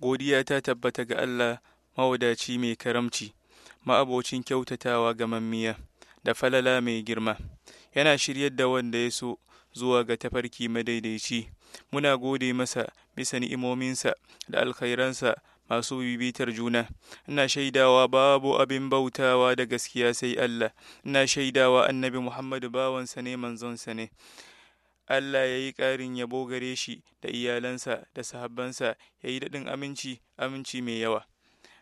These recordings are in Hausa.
godiya ta tabbata ga Allah mawadaci mai karamci ma'abocin kyautatawa ga mammiya da falala mai girma yana shiryar da wanda ya so zuwa ga tafarki madaidaici muna gode masa bisa ni'imominsa da alkhairansa masu bibitar juna ina shaidawa babu abin bautawa da gaskiya sai Allah ina shaidawa annabi Muhammadu bawansa ne manzonsa ne Allah ya yi ƙarin yabo gare shi da iyalansa da sahabbansa ya yi daɗin aminci aminci mai yawa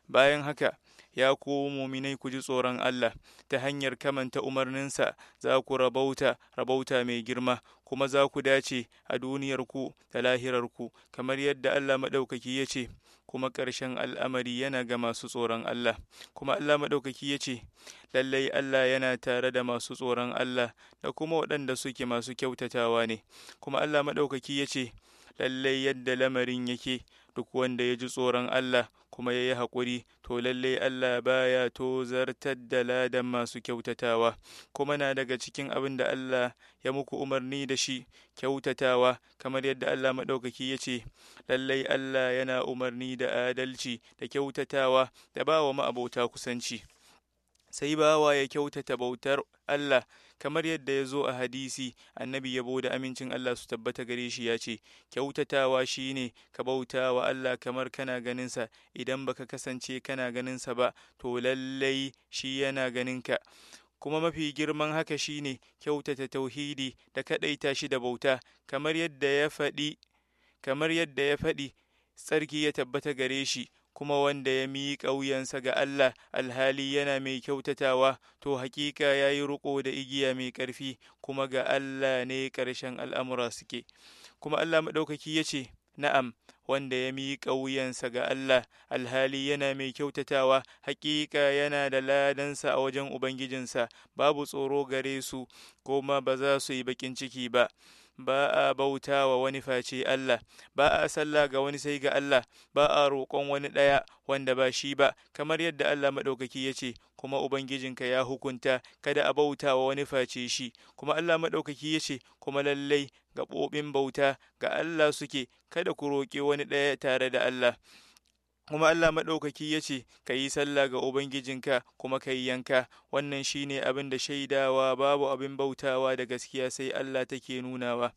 bayan haka ya kowo muminai ku ji tsoron Allah ta hanyar kamanta umarninsa za ku rabauta rabauta mai girma kuma za ku dace a duniyarku da lahirarku kamar yadda Allah maɗaukaki ya ce kuma ƙarshen al'amari yana ga masu tsoron Allah kuma Allah maɗaukaki ya ce lallai Allah yana tare da masu tsoron Allah da kuma waɗanda suke masu kyautatawa ne kuma Allah maɗaukaki ya ce lallai yadda lamarin yake duk wanda ya ji tsoron Allah kuma ya yi haƙuri to lalle Allah baya to zartar da ladan masu kyautatawa kuma na daga cikin abin da Allah ya muku umarni da shi kyautatawa kamar yadda Allah maɗaukaki ya ce lallai Allah yana umarni da adalci da kyautatawa da ba wa ma'abota kusanci sai bawa ya kyautata bautar Allah kamar yadda ya zo a hadisi annabi yabo da amincin Allah su tabbata gare shi ya ce kyautatawa shine ka bauta wa Allah kamar kana ganinsa idan baka kasance kana ganinsa ba to lallai shi yana ganinka kuma mafi girman haka shine kyautata tauhidi da kaɗaita shi da bauta kamar yadda ya faɗi kamar yadda ya faɗi tsarki ya tabbata gare shi kuma wanda ya miƙa ƙauyensa ga Allah alhali yana mai kyautatawa to hakika ya yi riƙo da igiya mai ƙarfi kuma ga Allah ne ƙarshen al'amura suke kuma Allah maɗaukaki ya ce na'am wanda ya miƙa wuyansa ga Allah alhali yana mai kyautatawa hakika yana da ladansa a wajen ubangijinsa babu tsoro gare su kuma ba za su yi bakin ciki ba ba a bauta wa wani face Allah ba a sallah ga wani sai ga Allah ba a roƙon wani ɗaya wanda ba shi ba kamar yadda Allah maɗaukaki ya ce kuma ubangijinka ya hukunta kada a bauta wa wani face shi kuma Allah maɗaukaki ya ce kuma lallai gaɓoɓin bauta ga Allah suke kada ku roƙi wani ɗaya tare da Allah kuma Allah maɗaukaki ya ce ka yi sallah ga Ubangijinka kuma ka yi yanka wannan shi ne abin da shaidawa babu abin bautawa da gaskiya sai Allah take nunawa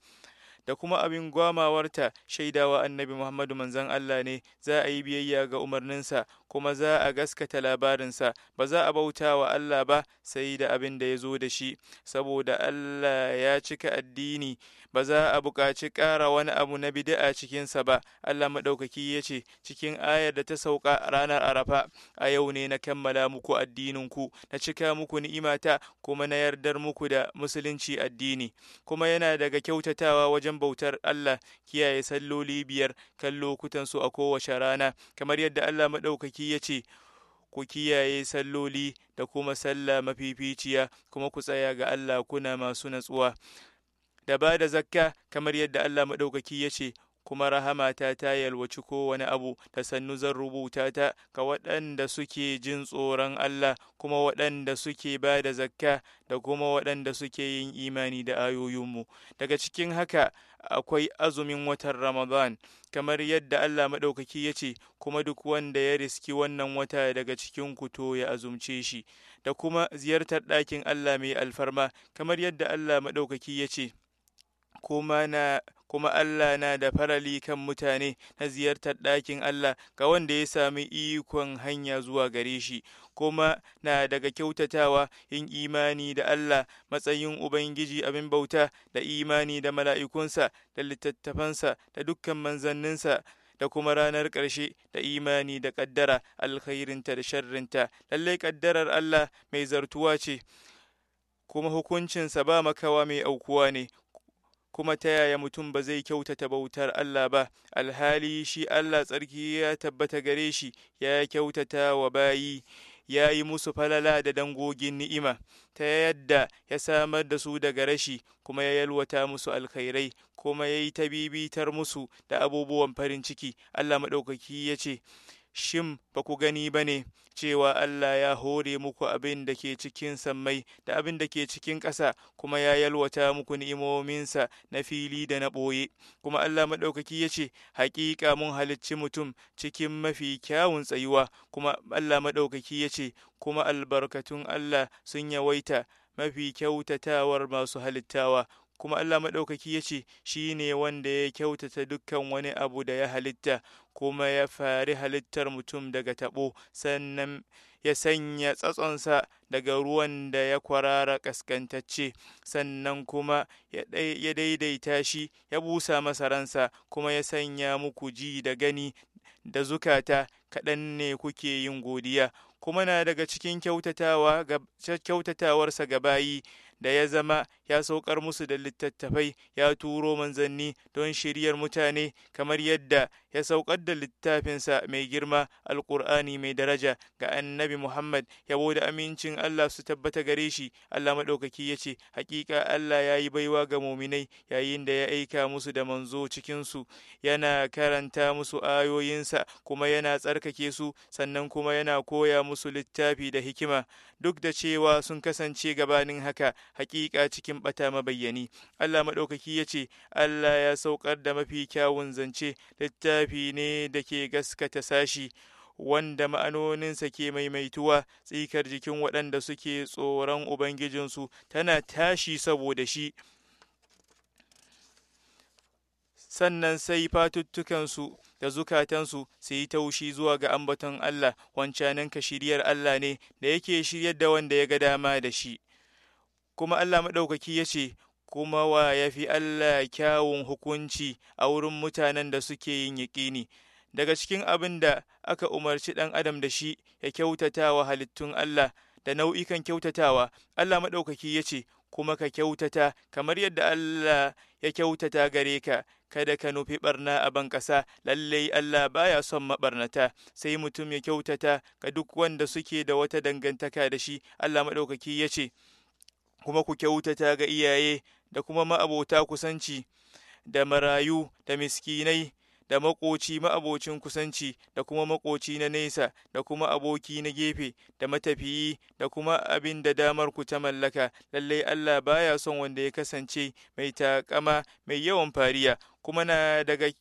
da kuma abin gwamawarta shaidawa annabi Muhammadu manzon Allah ne za a yi biyayya ga umarninsa kuma za a gaskata labarinsa ba za a bauta wa Allah ba sai da abin da ya zo da shi saboda Allah ya cika addini ba za a buƙaci ƙara wani abu na bid'a cikinsa ba Allah maɗaukaki ya ce cikin ayar da ta sauka ranar arafa a yau ne na kammala muku addininku na cika muku ni'imata kuma na yardar muku da musulunci addini kuma yana daga kyautatawa wajen bautar Allah kiyaye salloli biyar kan lokutansu a kowace rana kamar yadda Allah maɗaukaki ya ce ku kiyaye salloli da kuma sallah mafificiya kuma ku tsaya ga Allah kuna masu natsuwa da ba da zakka kamar yadda Allah maɗaukaki ya ce kuma rahamata ta yalwaci kowane abu da sannu zan rubuta ta ga waɗanda suke jin tsoron Allah kuma waɗanda suke ba da zakka da kuma waɗanda suke yin imani da ayoyinmu daga cikin haka akwai azumin watan Ramadan kamar yadda Allah maɗaukaki ya ce kuma duk wanda ya riski wannan wata daga cikin kuto ya azumce shi da kuma ziyartar ɗakin Allah mai alfarma kamar yadda Allah maɗaukaki ya ce kuma na kuma Allah na da farali kan mutane na ziyartar ɗakin Allah ga wanda ya sami ikon hanya zuwa gare shi, kuma na daga kyautatawa yin imani da Allah matsayin Ubangiji abin bauta da imani da mala'ikunsa da littattafansa da dukkan manzanninsa da kuma ranar ƙarshe da imani da ƙaddara alkhairinta da sharrinta, lallai ƙaddarar Allah mai zartuwa ce. kuma hukuncinsa ba makawa mai aukuwa ne kuma ta yaya mutum ba zai kyautata bautar Allah ba alhali shi Allah tsarki ya tabbata gare shi ya kyautata wa bayi ya yi musu falala da dangogin ni'ima ta yadda ya samar da su daga rashi kuma ya yalwata musu alkhairai kuma ya yi ta bibitar musu da abubuwan farin ciki Allah maɗaukaki ya ce shin ba ku gani ba ne cewa Allah ya hore muku abin da ke cikin sammai da abin da ke cikin ƙasa kuma ya yalwata muku ni'imominsa na fili da na ɓoye kuma Allah maɗaukaki ya ce haƙiƙa mun halicci mutum cikin mafi kyawun tsayuwa kuma Allah maɗaukaki ya ce kuma albarkatun Allah sun yawaita mafi kyautatawar masu halittawa kuma Allah maɗaukaki ya ce shi ne wanda ya kyautata dukkan wani abu da ya halitta kuma ya fari halittar mutum daga taɓo sannan ya sanya tsatsonsa daga ruwan da ya kwarara ƙaskantacce sannan kuma ya daidaita shi ya busa masa ransa kuma ya sanya muku ji da gani da zukata kaɗan ne kuke yin godiya kuma na daga cikin kyautatawarsa ga bayi da ya zama ya saukar musu da littattafai ya turo manzanni don shiryar mutane kamar yadda ya saukar da littafinsa mai girma alkur'ani mai daraja ga annabi muhammad yabo da amincin allah su tabbata gare shi allah maɗaukaki ya ce hakika allah ya yi baiwa ga muminai yayin da ya aika musu da manzo cikinsu yana karanta musu ayoyinsa kuma yana tsarkake su sannan kuma yana koya musu littafi da hikima duk da cewa sun kasance gabanin haka hakika cikin bata mabayyani Allah madaukaki yace Allah ya saukar da mafi kyawun zance littafi ne da ke gaskata sashi wanda ma'anoninsa ke maimaituwa tsikar jikin waɗanda suke tsoron ubangijinsu tana tashi saboda shi sannan sai fatuttukansu da zukatansu su yi taushi zuwa ga ambaton Allah ka shiriyar Allah ne da yake shiryar da wanda ya ga dama da shi kuma Allah maɗaukaki ya ce kuma wa ya fi Allah kyawun hukunci a wurin mutanen da suke yin yaƙini daga cikin abin da aka umarci ɗan adam da shi ya kyautata wa halittun Allah da nau'ikan kyautatawa Allah maɗaukaki ya ce kuma ka kyautata kamar yadda Allah ya kyautata gare ka kada ka nufi barna a ban ƙasa lallai Allah baya son maɓarnata. sai mutum ya kyautata ga duk wanda suke da wata dangantaka da shi Allah maɗaukaki ya ce kuma ku kyautata ga iyaye da kuma ma'abota kusanci da marayu da miskinai da makoci ma'abocin kusanci da kuma makoci na nesa da kuma aboki na gefe da matafiyi da kuma abin da damar ku ta mallaka lallai Allah baya son wanda ya kasance mai takama mai yawan fariya kuma na daga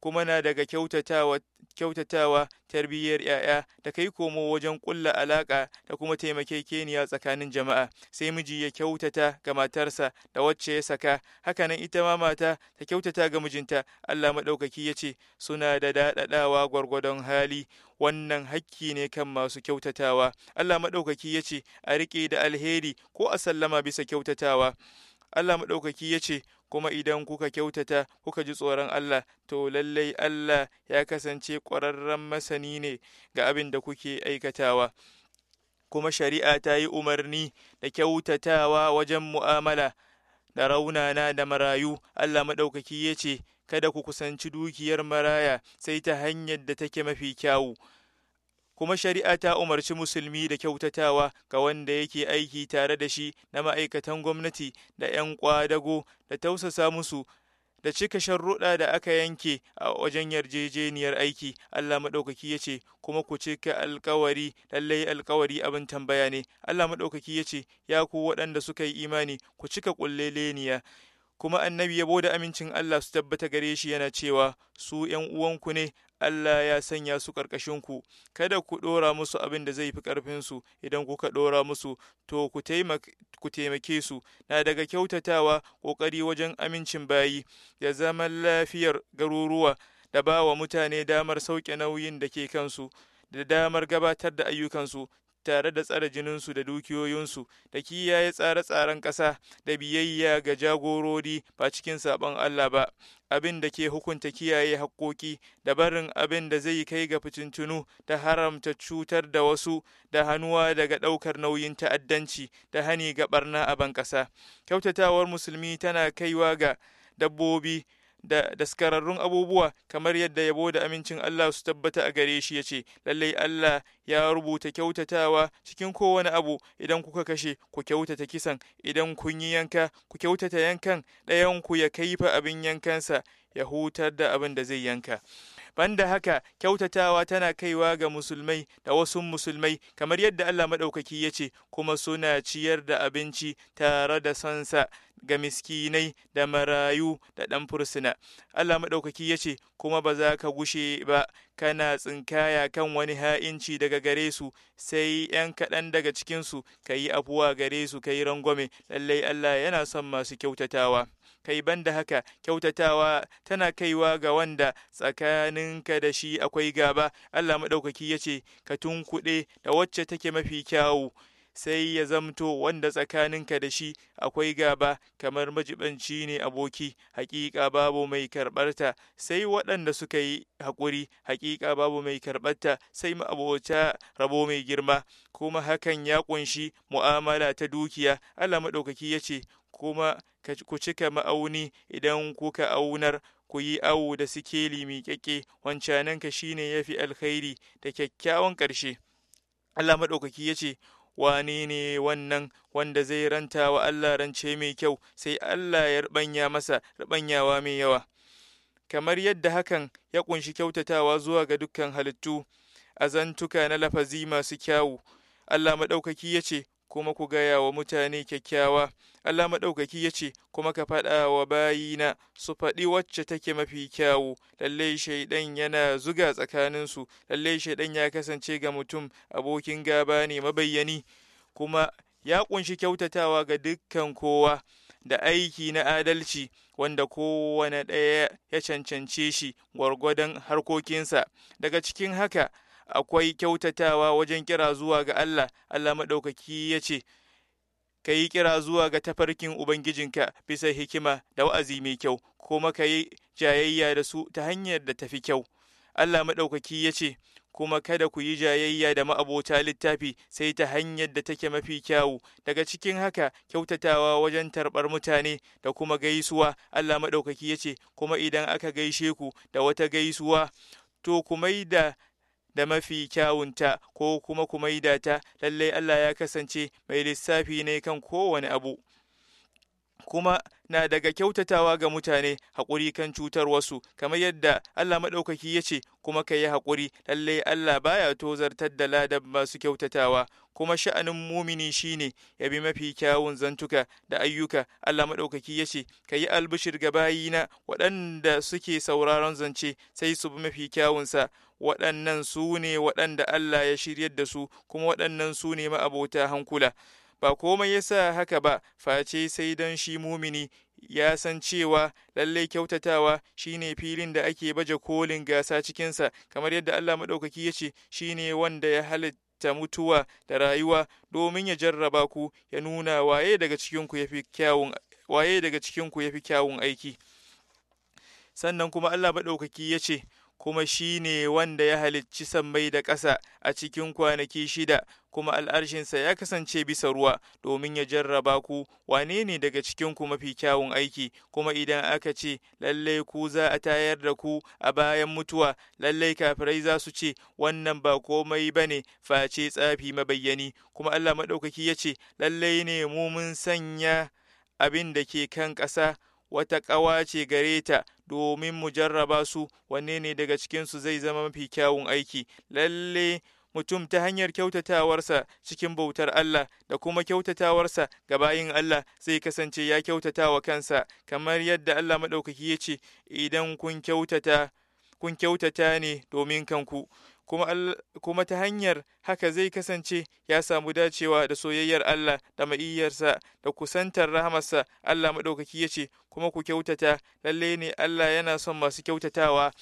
kuma na daga kyautatawa kyautatawa tarbiyyar 'ya'ya da kai komo wajen ƙulla alaƙa da kuma keniya tsakanin jama'a sai miji ya kyautata ga matarsa da wacce ya saka hakanan ita ma mata ta kyautata ga mijinta Allah maɗaukaki ya ce suna da daɗaɗawa gwargwadon hali wannan hakki ne kan masu kyautatawa Allah maɗaukaki ya ce a riƙe da alheri ko a sallama bisa kyautatawa Allah maɗaukaki ya ce kuma idan kuka kyautata kuka ji tsoron Allah to lallai Allah ya kasance ƙwararren masani ne ga abin da kuke aikatawa kuma shari'a ta yi umarni da kyautatawa wajen mu'amala da raunana da marayu Allah maɗaukaki ya ce kada ku kusanci dukiyar maraya sai ta hanyar da take mafi kyawu kuma shari'a ta umarci musulmi da kyautatawa ga wanda yake aiki tare da shi na ma'aikatan gwamnati da 'yan kwadago da tausasa musu da cika sharruɗa da aka yanke a wajen yarjejeniyar aiki Allah maɗaukaki ya ce kuma ku cika alkawari lallai alkawari abin tambaya ne Allah maɗaukaki ya ce ya ku waɗanda suka yi imani ku cika ƙulleleniya kuma annabi yabo da amincin Allah su tabbata gare shi yana cewa su ‘yan uwanku ne Allah ya sanya su ƙarƙashinku, kada ku ɗora musu abin da zai fi ƙarfinsu, idan kuka ɗora musu, to ku taimake su, na daga kyautatawa ƙoƙari wajen amincin bayi, da zaman lafiyar garuruwa, da ba wa mutane damar sauke nauyin da ke kansu, da damar gabatar da ayyukansu tare da tsare jininsu da dukiyoyinsu da kiyaye tsare-tsaren ƙasa da biyayya ga jagorori ba cikin saɓon Allah ba abin da ke hukunta kiyaye haƙƙoƙi da barin abin da zai kai ga fitintunu da haramta cutar da wasu da hannuwa daga ɗaukar nauyin ta'addanci da hani ga barna a ban ƙasa kyautatawar musulmi tana kaiwa ga dabbobi da daskararrun abubuwa kamar yadda yabo da amincin Allah su tabbata a gare shi ya ce lallai Allah ya rubuta kyautatawa cikin kowane abu idan kuka kashe ku kyautata kisan idan kun yi yanka ku kyautata yankan ɗayan ku ya kaifa abin yankansa ya hutar da abin da zai yanka banda haka kyautatawa tana kaiwa ga musulmai da wasu musulmai kamar yadda Allah maɗaukaki ya ce kuma suna ciyar da abinci tare da sansa ga miskinai da marayu da ɗan fursuna Allah maɗaukaki ya ce kuma ba za ka gushe ba kana tsinkaya kan wani ha'inci daga gare su sai ‘yan kaɗan daga cikinsu ka yi abuwa gare su ka yi rangwame lallai Allah yana son masu kyautatawa. kai banda haka kyautatawa tana kaiwa ga wanda tsakaninka da shi akwai gaba Allah maɗaukaki ya ce ka tunkuɗe da wacce take mafi kyawu sai ya zamto wanda tsakaninka da shi akwai gaba kamar majibanci ne aboki hakika babu mai karbarta sai waɗanda suka yi haƙuri hakika babu mai karbarta sai ma'abota rabo mai girma kuma hakan ya ƙunshi mu'amala ta dukiya Allah maɗaukaki ya ce kuma ku cika ma'auni idan kuka aunar ku yi awo da sikeli miƙaƙe wancananka shine ya fi alkhairi da kyakkyawan ƙarshe Allah maɗaukaki ya ce wane ne wannan wanda zai ranta wa Allah rance mai kyau sai Allah ya rubanya masa rubanyawa mai yawa kamar yadda hakan ya ƙunshi kyautatawa zuwa ga dukkan halittu azantuka na lafazi masu kyawu Allah maɗaukaki ya ce kuma ku gaya wa mutane kyakkyawa Allah maɗaukaki ya ce kuma ka faɗa wa bayina su faɗi wacce take mafi kyawu lallai shaidan yana zuga tsakaninsu lallai shaidan ya kasance ga mutum abokin gaba ne mabayyani kuma ya ƙunshi kyautatawa ga dukkan kowa da aiki na adalci wanda kowane ɗaya ya cancance shi gwargwadon harkokinsa daga cikin haka akwai kyautatawa wajen kira zuwa ga Allah Allah maɗaukaki ya ce ka yi kira zuwa ga tafarkin ubangijinka bisa hikima da wa'azi mai kyau kuma ka yi jayayya da su ta hanyar da tafi kyau Allah maɗaukaki ya ce kuma kada ku yi jayayya da ma'abota littafi sai ta hanyar da take mafi kyawu daga cikin haka kyautatawa wajen tarbar mutane da kuma gaisuwa Allah maɗaukaki ya ce kuma idan aka gaishe ku da wata gaisuwa to kuma da da mafi kyawunta ko kuma ku ta lallai Allah ya kasance mai lissafi ne kan kowane abu kuma na daga kyautatawa ga mutane haƙuri kan cutar wasu kamar yadda Allah maɗaukaki ya ce kuma ka yi haƙuri lallai Allah baya tozartar da ladan masu kyautatawa kuma sha'anin mumini shine ya bi mafi kyawun zantuka da ayyuka Allah maɗaukaki ya ce ka yi albishir ga bayina waɗanda suke sauraron zance sai su bi mafi kyawunsa waɗannan su ne waɗanda Allah ya shiryar da su kuma waɗannan su ne ma'abota hankula ba komai ya sa haka ba face sai don shi mumini ya san cewa lallai kyautatawa shine filin da ake baje kolin gasa cikinsa kamar yadda Allah maɗaukaki ya ce shine wanda ya halitta mutuwa da rayuwa domin ya jarraba ku ya nuna waye daga cikinku ya kyawun kyawun aiki sannan kuma Allah maɗaukaki ya ce kuma shi ne wanda ya halicci sammai da ƙasa a cikin kwanaki shida kuma al'arshinsa ya kasance bisa ruwa domin ya jarraba ku wane ne daga cikin ku mafi kyawun aiki kuma idan aka ce lallai ku za a tayar da ku a bayan mutuwa lallai kafirai za su ce wannan ba komai ba ne face tsafi mabayyani kuma Allah maɗaukaki ya ce lallai ne mu mun sanya abin da ke kan ƙasa wata ƙawa ce gare ta domin mu jarraba su wanne ne daga cikinsu zai zama mafi kyawun aiki lalle mutum ta hanyar kyautatawarsa cikin bautar Allah da kuma kyautatawarsa ga bayin Allah zai kasance ya kyautata wa kansa kamar yadda Allah maɗaukaki ya ce idan kun kyautata ne domin kanku kuma ta hanyar haka zai kasance ya samu dacewa da soyayyar Allah da ma'iyyarsa da kusantar rahamarsa Allah maɗaukaki ya ce kuma ku kyautata Lallai ne Allah yana son masu kyautatawa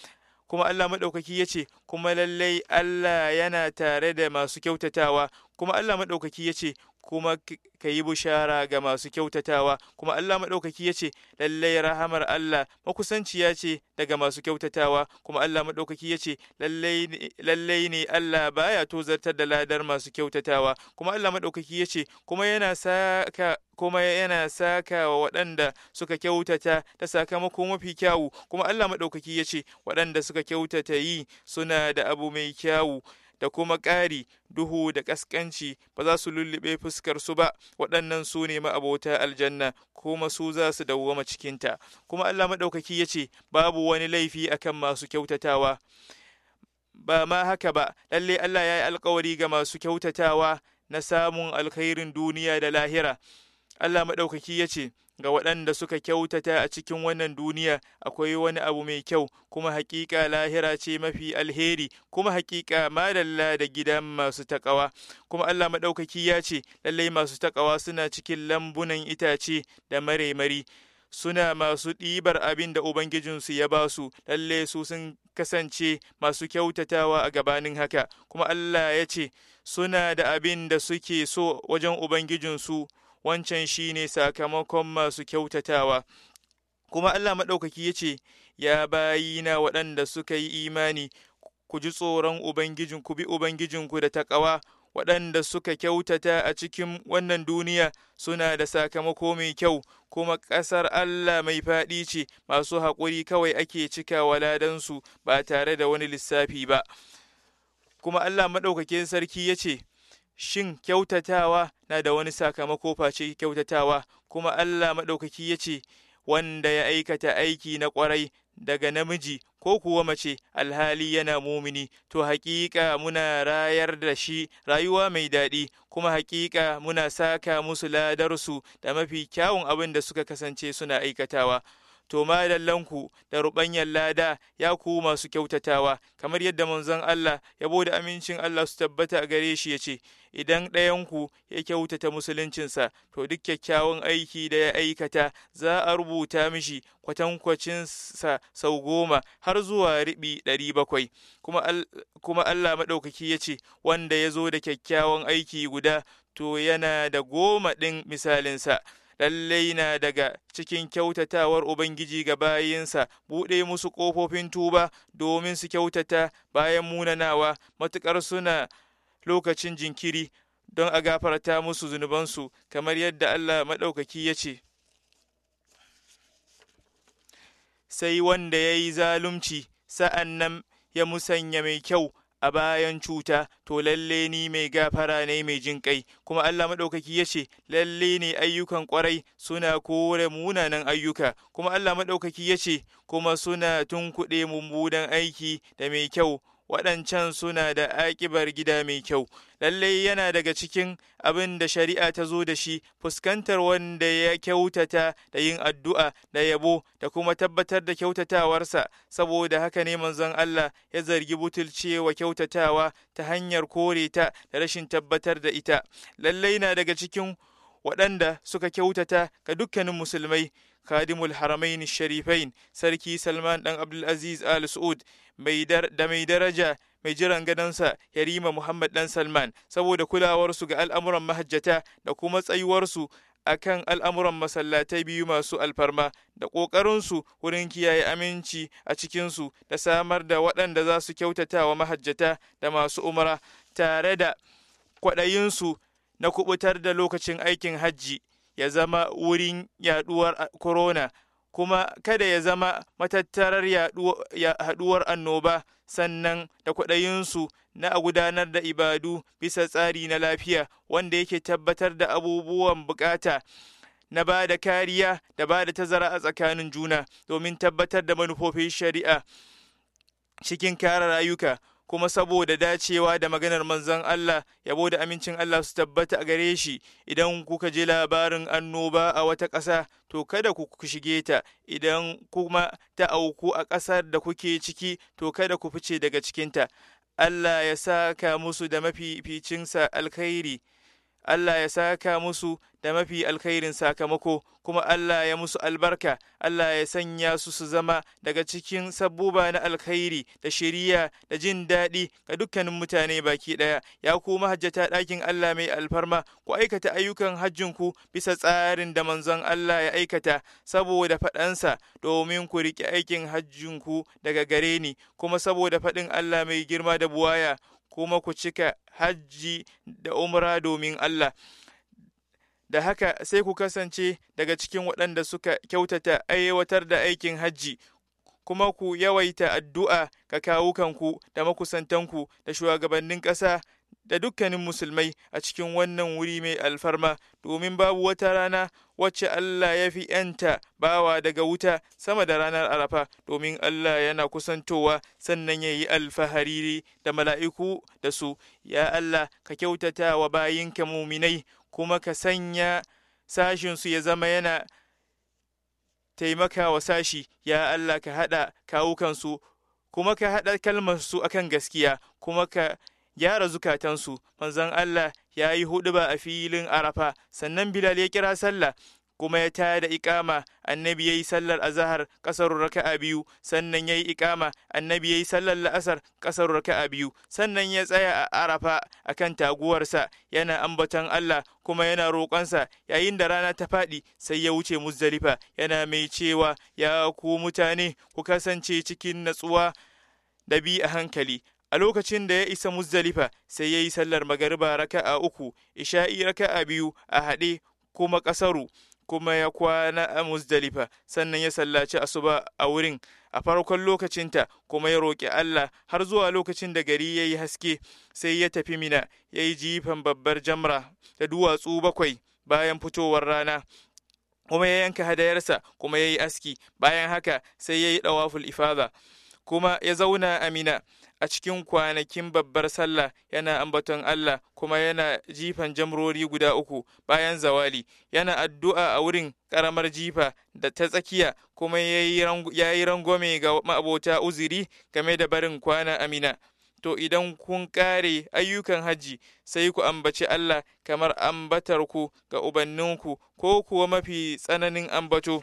kuma Allah maɗaukaki ya ce kuma lallai Allah yana tare da masu kyautatawa kuma Allah maɗaukaki ya ce kuma ka yi bushara ga masu kyautatawa kuma Allah maɗaukaki ya ce lallai rahamar Allah makusanciya ce daga masu kyautatawa kuma Allah maɗaukaki ya ce lallai ne Allah baya tozartar da ladar masu kyautatawa kuma Allah maɗaukaki ya ce kuma yana saka kuma yana saka wa waɗanda suka kyautata ta sakamako mafi kyawu kuma Allah maɗaukaki ya ce waɗanda suka kyautata yi suna da abu mai kyawu da kuma ƙari duhu da ƙasƙanci ba za su lullube fuskar su ba waɗannan su ne ma'abota aljanna kuma su za su dawwama cikinta kuma Allah maɗaukaki ya ce babu wani laifi akan masu kyautatawa ba ma haka ba lalle Allah ya yi alkawari ga masu kyautatawa na samun alkhairin duniya da lahira Allah maɗaukaki ya ce ga waɗanda suka kyautata a cikin wannan duniya akwai wani abu mai kyau kuma hakika lahira ce mafi alheri kuma hakika madalla da gidan masu takawa kuma Allah maɗaukaki ya ce lallai masu takawa suna cikin lambunan itace da maremari suna masu ɗibar abin da Ubangijinsu ya ba su, lallai su sun kasance masu kyautatawa a gabanin haka, kuma Allah ya ce, suna da abin da suke so wajen Ubangijinsu wancan shi ne sakamakon masu kyautatawa kuma Allah maɗaukaki ya ce ya bayina waɗanda suka yi imani ku ji tsoron ubangijin bi ubangijinku da taƙawa waɗanda suka kyautata a cikin wannan duniya suna da sakamako mai kyau kuma ƙasar Allah mai faɗi ce masu haƙuri kawai ake cikawa ladansu ba tare da wani lissafi ba kuma Allah maɗaukakin sarki ya ce shin kyautatawa na da wani sakamako face kyautatawa kuma Allah maɗaukaki ya ce wanda ya aikata aiki na ƙwarai daga namiji ko kuwa mace alhali yana mumini to haƙiƙa muna rayar da shi rayuwa mai daɗi kuma haƙiƙa muna saka musu ladarsu da mafi kyawun abin da suka kasance suna aikatawa to madallanku da rubanyar lada ya ku masu kyautatawa kamar yadda manzon Allah ya da amincin Allah su tabbata gare shi ya ce idan ɗayanku ya kyautata musuluncinsa to duk kyakkyawan aiki da ya aikata za a rubuta mishi kwatankwacinsa sau goma har zuwa riɓi ɗari bakwai kuma Allah maɗaukaki ya ce wanda ya zo da kyakkyawan aiki guda to yana da goma ɗin misalinsa lallai na daga cikin kyautatawar Ubangiji ga bayinsa buɗe musu ƙofofin tuba domin su kyautata bayan munanawa matuƙar suna lokacin jinkiri don a gafarta musu zunubansu kamar yadda Allah maɗaukaki ya ce. Sai wanda ya yi zalunci sa'an nan ya musanya mai kyau a bayan cuta to lalle ni mai gafara ne mai jin kai kuma Allah madaukaki ya ce lalle ne ayyukan kwarai suna kore munanan ayyuka kuma Allah madaukaki ya ce kuma suna tunkuɗe mumbudan aiki da mai kyau waɗancan suna da aƙibar gida mai kyau lallai yana daga cikin abin da shari'a ta zo da shi fuskantar wanda ya kyautata da yin addu'a da yabo da kuma tabbatar da kyautatawarsa saboda haka ne manzon Allah ya zargi butulcewa kyautatawa ta hanyar kore ta da rashin tabbatar da ita lallai na daga cikin waɗanda suka kyautata ga dukkanin musulmai khadimul haramain sharifain sarki salman dan abdulaziz al saud da mai daraja mai jiran gadansa yarima muhammad dan salman saboda kulawarsu ga al'amuran mahajjata da kuma tsayuwarsu akan al'amuran masallatai biyu masu alfarma da ƙoƙarinsu wurin kiyaye aminci a cikinsu da samar da waɗanda za su kyautata wa mahajjata da masu umara tare da kwaɗayinsu na kubutar da lokacin aikin hajji ya zama wurin yaduwar corona kuma kada ya zama matattarar haduwar annoba sannan da kwaɗayinsu na a gudanar da ibadu bisa tsari na lafiya wanda yake tabbatar da abubuwan bukata na ba da kariya da ba da tazara a tsakanin juna domin tabbatar da manufofin shari'a cikin kare rayuka kuma saboda dacewa da maganar manzon Allah yabo da amincin Allah su tabbata a gare shi idan kuka ji labarin annoba a wata ƙasa to kada ku shige ta idan kuma ta auku a ƙasar da kuke ciki to kada ku fice daga cikinta Allah ya saka musu da mafificinsa alkhairi Allah ya saka musu da mafi alkhairin sakamako kuma Allah ya musu albarka Allah ya sanya su su zama daga cikin sabbuba na alkhairi da shiriya da jin daɗi ga dukkanin mutane baki ɗaya ya kuma hajjata ɗakin Allah mai alfarma ku aikata ayyukan hajjin ku bisa tsarin da manzon Allah ya aikata saboda faɗansa domin ku riƙe aikin hajjin ku daga gare ni kuma saboda faɗin Allah mai girma da buwaya kuma ku cika hajji da umra domin Allah da haka sai ku kasance daga cikin waɗanda suka kyautata aiwatar da aikin hajji kuma ku yawaita addu'a ga kawukanku da makusantanku da shugabannin ƙasa da dukkanin musulmai a cikin wannan wuri mai alfarma domin babu wata rana wacce Allah ya fi ‘yanta bawa daga wuta sama da ranar arafa domin Allah yana kusantowa sannan ya yi alfahari da mala'iku da su, ya Allah ka kyautata wa bayinka muminai kuma ka sanya sashinsu ya zama yana taimaka wa sashi, ya Allah ka haɗa kawukansu kuma ka haɗa kalmarsu akan gaskiya kuma ka gyara zukatansu manzon Allah ya yi huɗuba a filin arafa sannan bilal ya kira sallah kuma ya taya da ikama annabi ya yi sallar azahar kasar raka'a biyu sannan ya yi ikama annabi ya yi sallar la'asar kasar a biyu sannan ya tsaya a arafa a kan taguwarsa yana ambaton Allah kuma yana roƙonsa yayin da rana ta faɗi sai ya wuce muzdalifa yana mai cewa ya ku mutane ku kasance cikin natsuwa da bi a hankali a lokacin da ya isa muzdalifa sai ya yi sallar magariba raka'a uku isha'i raka'a biyu a haɗe kuma ƙasaru kuma ya kwana a muzdalifa sannan ya sallaci asuba a wurin a farkon lokacinta kuma ya roƙi Allah har zuwa lokacin da gari ya yi haske sai ya tafi mina ya yi jifan babbar jamra da duwatsu bakwai bayan fitowar rana kuma ya yanka hadayarsa kuma ya yi aski bayan haka sai ya yi ɗawaful ifada kuma ya zauna a mina a cikin kwanakin babbar sallah yana ambaton Allah kuma yana jifan jamrori guda uku bayan zawali yana addu'a a wurin karamar jifa da ta tsakiya kuma ya yi rangwame ga ma'abota uziri game da barin kwana amina to idan kun kare ayyukan hajji sai ku ambaci Allah kamar ambatar ku ga ubanninku ko kuwa mafi tsananin ambato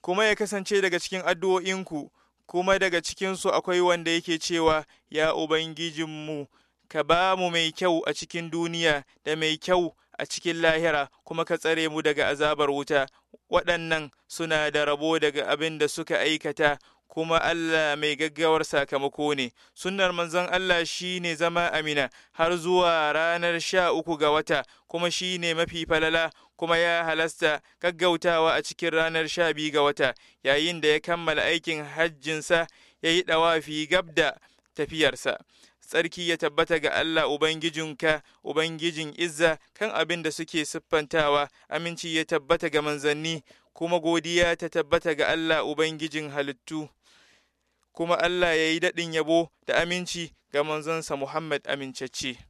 kuma ya kasance daga cikin addu'o'inku kuma daga cikinsu akwai wanda yake cewa, Ya Ubangijinmu, ka ba mu mai kyau a cikin duniya da mai kyau a cikin lahira, kuma ka tsare mu daga azabar wuta, waɗannan suna da rabo daga abin da suka aikata, kuma Allah mai gaggawar sakamako ne sunnar manzon Allah shi ne zama amina har zuwa ranar sha uku ga wata kuma shi ne mafi falala kuma ya halasta gaggautawa a cikin ranar sha biyu ga wata yayin da ya kammala aikin hajjinsa ya yi ɗawafi gab da tafiyarsa tsarki ya tabbata ga Allah Ubangijinka, Ubangijin Izza kan abin da suke siffantawa, aminci ya tabbata ga manzanni, kuma godiya ta tabbata ga Allah Ubangijin halittu. kuma Allah ya yi daɗin yabo da aminci ga manzansa Muhammad amincacce.